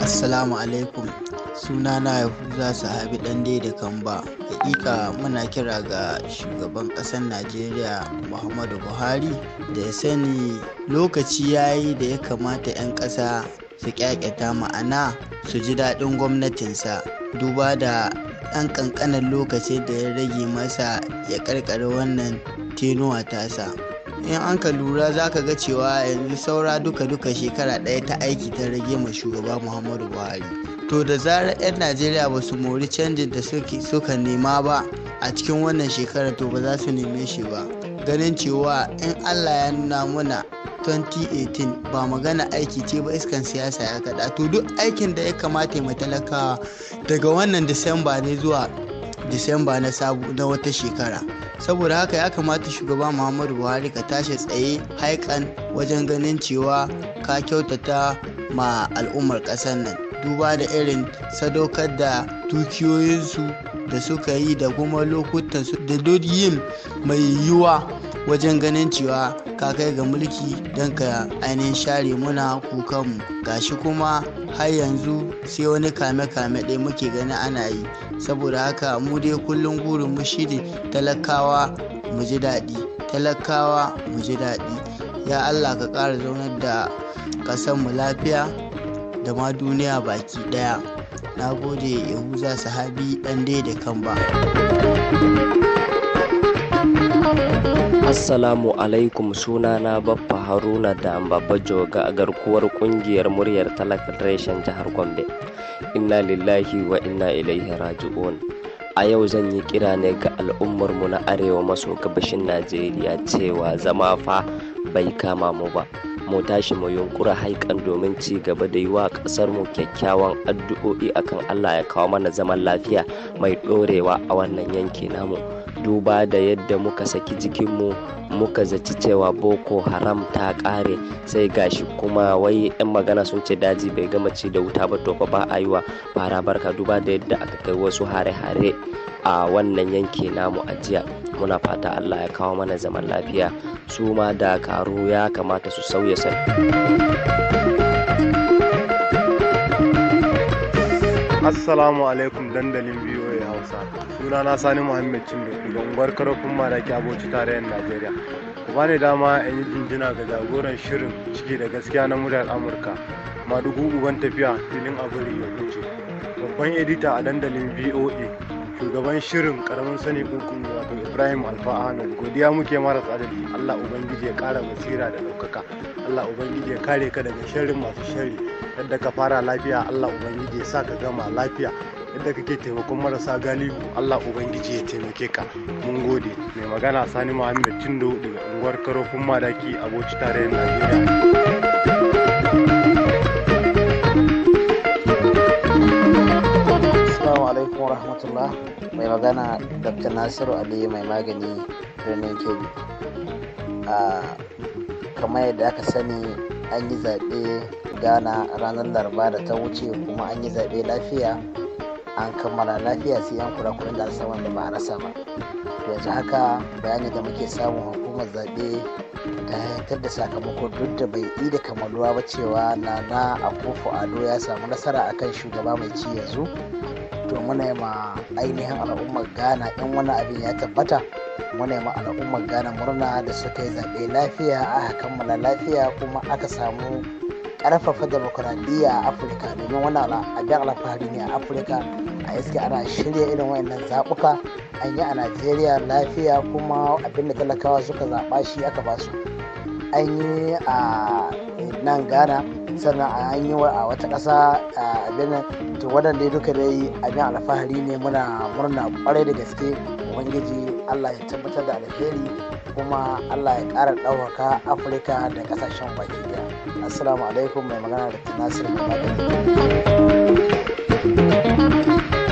Assalamu alaikum sunana Yahuza Sahabi Dande da Kamba. Hakika muna kira ga shugaban ƙasar Najeriya Muhammadu Buhari da ya sani lokaci ya yi da ya kamata 'yan ƙasa su ƙyaƙyata ma'ana su ji daɗin gwamnatinsa duba da ɗan ƙanƙanin lokacin da ya rage masa ya ƙarƙare wannan tenuwa tasa in an ka lura za ka ga cewa yanzu saura duka-duka shekara ɗaya ta aiki ta rage ma shugaba muhammadu buhari to da zarar 'yan najeriya ba su mori canjin da suka nema ba a cikin wannan shekarar to ba za su neme shi ba ganin cewa in allah ya nuna muna 2018 ba magana aiki ce ba iskan siyasa ya kada to duk aikin da ya kamata mai talakawa daga wannan disamba ne zuwa disamba na sabu na wata shekara saboda haka ya kamata shugaba muhammadu buhari ka tashi tsaye haikan wajen ganin cewa ka kyautata ma al'ummar ƙasar nan duba da irin sadaukar da dukiyoyinsu da suka yi da kuma lokutan su da yin mai yiwuwa wajen ganin cewa ka kai ga mulki don ka ainihin share muna kukanmu gashi kuma har yanzu sai wani kame-kame ɗaya muke gani ana yi saboda haka mu dai kullum gurin mu shi talakawa mu ji daɗi talakawa mu ji daɗi ya allah ka ƙara zaunar da ƙasar mu lafiya da ma duniya baki ɗaya na gode yahuza sahabi ɗan dai da kan ba Assalamu alaikum sunana Baffa Haruna da Ambaba Joga a garkuwar kungiyar muryar talaka jihar Gombe. Inna lillahi wa inna ilaihi raji'un. A yau zan yi kira ne ga al'ummarmu na arewa maso gabashin Najeriya cewa zama fa bai kama mu ba. mu tashi mu yunkura haikan domin ci gaba da yi wa ƙasar mu kyakkyawan addu'o'i akan Allah ya kawo mana zaman lafiya mai ɗorewa a wannan yanki namu. duba da yadda muka saki jikinmu muka zaci cewa boko haram ta kare sai gashi kuma wai yan magana sun ce daji bai gama ci da wuta ba to fa ba a yi fara barka duba da yadda aka kai wasu hare-hare a wannan yanki namu a jiya muna fata allah ya kawo mana zaman lafiya su ma da karu ya kamata su sauya sai assalamu alaikum dandalin biyu matasa suna na sani muhammed cindo da unguwar karofin maraki aboci tarayyar najeriya ku ne dama in yi jinjina ga jagoran shirin ciki da gaskiya na muryar amurka madugu uban tafiya filin aburi ya kuce babban edita a dandalin voa shugaban shirin karamin sani kunkun wato ibrahim alfa ahmed godiya muke mara tsadadi allah ubangiji ya kara basira da daukaka allah ubangiji ya kare ka daga sharrin masu sharri yadda ka fara lafiya allah ubangiji ya sa ka gama lafiya inda kake taimakon marasa galihu Allah Ubangiji ya taimake ka mun gode mai magana Sani Muhammad Tindo daga unguwar Karofin Madaki a Bauchi tarayyar Najeriya Assalamu alaikum wa mai magana Dr. Nasiru Ali mai magani birnin Kebbi ah, kamar yadda aka sani an yi zaɓe gana ranar Laraba da ta wuce kuma an yi zaɓe lafiya an kammala lafiya sai an yan kurakuran da alsa da ba a rasa ba yanzu haka bayani da muke samun hukumar zaɓe ta hayatar da sakamako duk da bai yi da kamaluwa ba cewa nana kofo ado ya samu nasara a kan shugaba mai ci yanzu to muna ma ainihin al'ummar ghana in wani abin ya tabbata muna ma al'ummar ghana murna da suka yi zaɓe lafiya aka kammala lafiya kuma aka samu karfafa demokuraɗiyya a afirka domin wani abin alfahari ne a afirka a iske ana shirya irin wayannan zaɓuka an yi a najeriya lafiya kuma abinda talakawa suka zaɓa shi aka ba su an yi a nan ghana sannan an yi a wata ƙasa a benin to waɗanda duka dai abin alfahari ne muna murna kwarai da gaske ubangiji allah ya tabbatar da alheri kuma allah ya kara ɗaukaka afirka da kasashen baki daya assalamu alaikum mai magana da tunasir mai magana